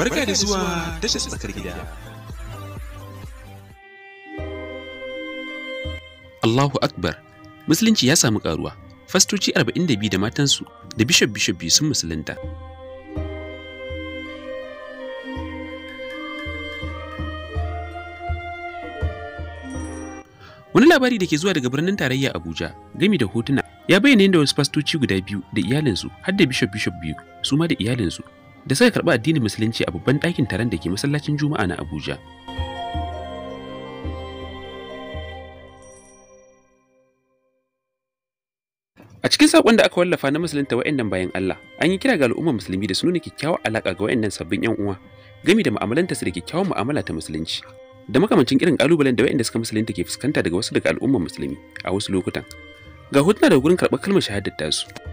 Barka da zuwa tashar tsakar gida. Allahu Akbar, Musulunci ya samu karuwa. Fastoci 42 da matansu da bishop bishop biyu sun musulunta. Wani labari da ke zuwa daga birnin tarayya Abuja gami da hotuna ya bayyana yadda wasu fastoci guda biyu da iyalinsu har da bishop bishop biyu su ma da iyalinsu da suka karɓi addinin musulunci a babban ɗakin taron da ke masallacin juma'a na abuja a cikin saƙon da aka wallafa na musulunta wa'annan bayan allah an yi kira ga al'ummar musulmi da su nuna kyakkyawar alaƙa ga wa'annan sabbin 'yan uwa gami da mu'amalanta su da kyakkyawar mu'amala ta musulunci da makamancin irin ƙalubalen da wa'anda suka musulunta ke fuskanta daga wasu daga al'ummar musulmi a wasu lokutan ga hotuna da gurin karɓar kalmar shahadar tasu